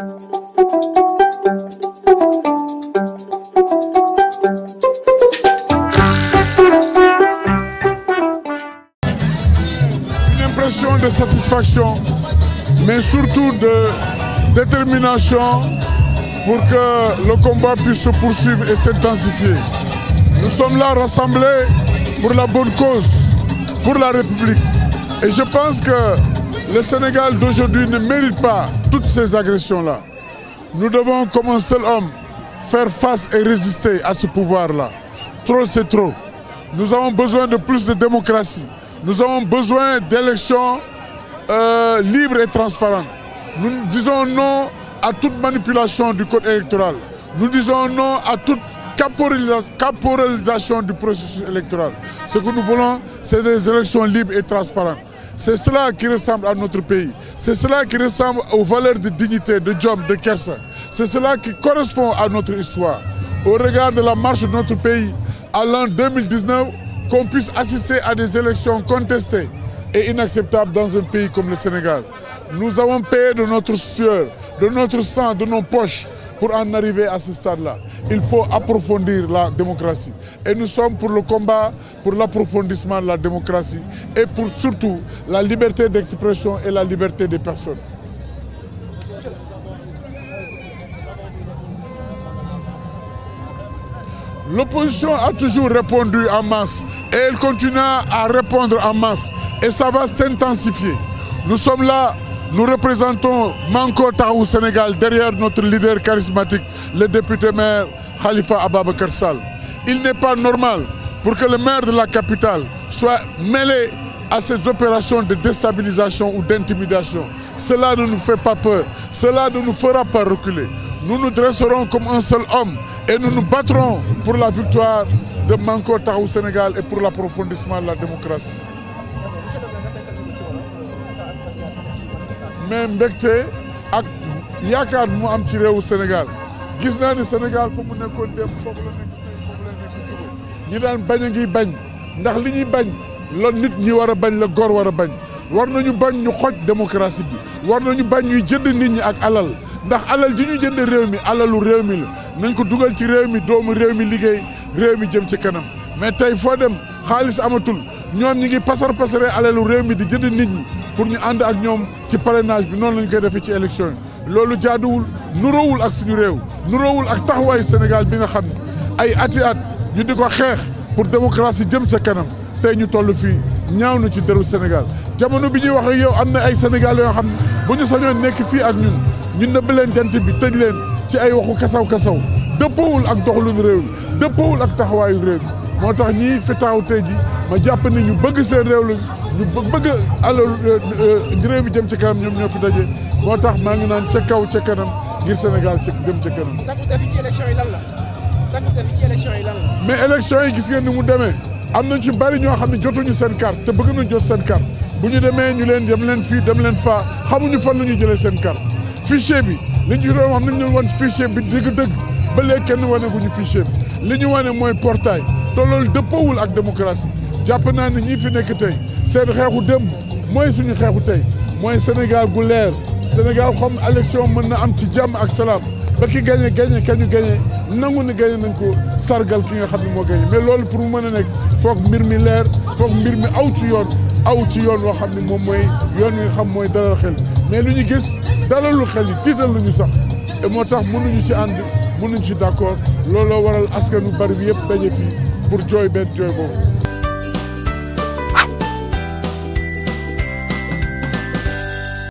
Une impression de satisfaction, mais surtout de détermination pour que le combat puisse se poursuivre et s'intensifier. Nous sommes là rassemblés pour la bonne cause, pour la République. Et je pense que le Sénégal d'aujourd'hui ne mérite pas toutes ces agressions-là. Nous devons, comme un seul faire face et résister à ce pouvoir-là. Trop, c'est trop. Nous avons besoin de plus de démocratie. Nous avons besoin d'élections euh, libres et transparentes. Nous disons non à toute manipulation du code électoral. Nous disons non à toute caporalisation du processus électoral. Ce que nous voulons, c'est des élections libres et transparentes. C'est cela qui ressemble à notre pays. C'est cela qui ressemble aux valeurs de dignité, de job, de kersa. C'est à notre histoire. la marche de notre à l'an 2019, qu'on puisse assister à des élections contestées comme le Sénégal. Nous avons de notre sueur, de notre sang, Pour en arriver à ce stade-là, il faut approfondir la démocratie. Et nous sommes pour le combat, pour l'approfondissement de la démocratie et pour surtout la liberté d'expression et la liberté des personnes. L'opposition a toujours répondu en masse et elle continue à répondre en masse. Et ça va s'intensifier. Nous sommes là Nous représentons Manko Taou Sénégal derrière notre leader charismatique, le député maire Khalifa Ababa Kersal. Il n'est pas normal pour que le maire de la capitale soit mêlé à ces opérations de déstabilisation ou d'intimidation. Cela ne nous fait pas peur, cela ne nous fera pas reculer. Nous nous dresserons comme un seul homme et nous nous battrons pour la victoire de Manko Taou Sénégal et pour l'approfondissement de la démocratie. mais mbégte ak yaakaar mu am ci réewu Sénégal gis naa ni Sénégal fa mu nekkoon démb foofu la ñi daan bañ a ngi bañ ndax li ñuy bañ la nit ñi war a bañ la góor war a bañ war nañu bañ ñu xoj démocratie bi war na ñu bañ ñuy jënd nit ñi ak alal ndax alal ji ñu jënd réew mi alalu réew mi la nañ ko dugal ci réew mi doomu réew mi liggéey réew mi jëm ci kanam mais tey foo dem xaalis amatul ñoom ñi ngi pasar pasare alalu réew mi di jënd nit ñi pour ñu ànd ak ñoom ci parrainage bi noonu la koy defee ci élection yi loolu jaaduwul nuroowul ak suñu réew nuroowul ak taxawaayu Sénégal bi nga xam ne ay ati at ñu di ko xeex pour démocratie jëm sa kanam tey ñu toll fii ñaaw na ci deru Sénégal jamono bi ñuy wax ak yow am na ay sénégalais yoo xam ne bu ñu sañoon nekk fii ak ñun ñu nëbb leen jant bi tëj leen ci ay waxu kasaw-kasaw dëppawul ak doxalinu réew mi dëppawul ak taxawaayu réew mi moo tax ñii fi taaw ji ma jàpp ni ñu bëgg seen réew ñu bëgg alal réew mi jëm ci kanam ñoom ñoo fi daje moo tax maa ngi naan ca kaw ca kanam ngir Sénégal ca jëm ca kanam. sakku tafi ci yi lan la sakku yi lan mais élection yi gis ngeen ni mu demee am na ci bari ñoo xam ne jotuñu seen carte te bëgg nañ jot seen carte bu ñu demee ñu leen dem leen fii dem leen faa xamuñu fan lu ñu jëlee seen carte fichier bi li ñu doon wax nañ leen wan fichier bi dëgg-dëgg ba léegi kenn waneguñu fichier bi li ñu wane mooy portail te loolu dëppoowul ak démocratie jàpp naa ne ñii fi nekk tey seen xeexu dem mooy suñu xeexu tey mooy Sénégal gu leer Sénégal xam élection mën na am ci jàmm ak salaam ba ki gagné gagné kañu gagné nangu ni gagné nañ ko sargal ki nga xam ne moo gagné mais loolu pour mu mën a nekk foog mbir mi leer foog mbir mi aw ci yoon aw ci yoon woo xam moom mooy yoon wi xam mooy dalal xel mais lu ñu gis lu xel yi tiital lu ñu sax et moo tax mënuñu ci ànd mënuñu ci d'accord looloo waral askan wu bari bi yëpp daje fii pour jooy benn jooy boobu.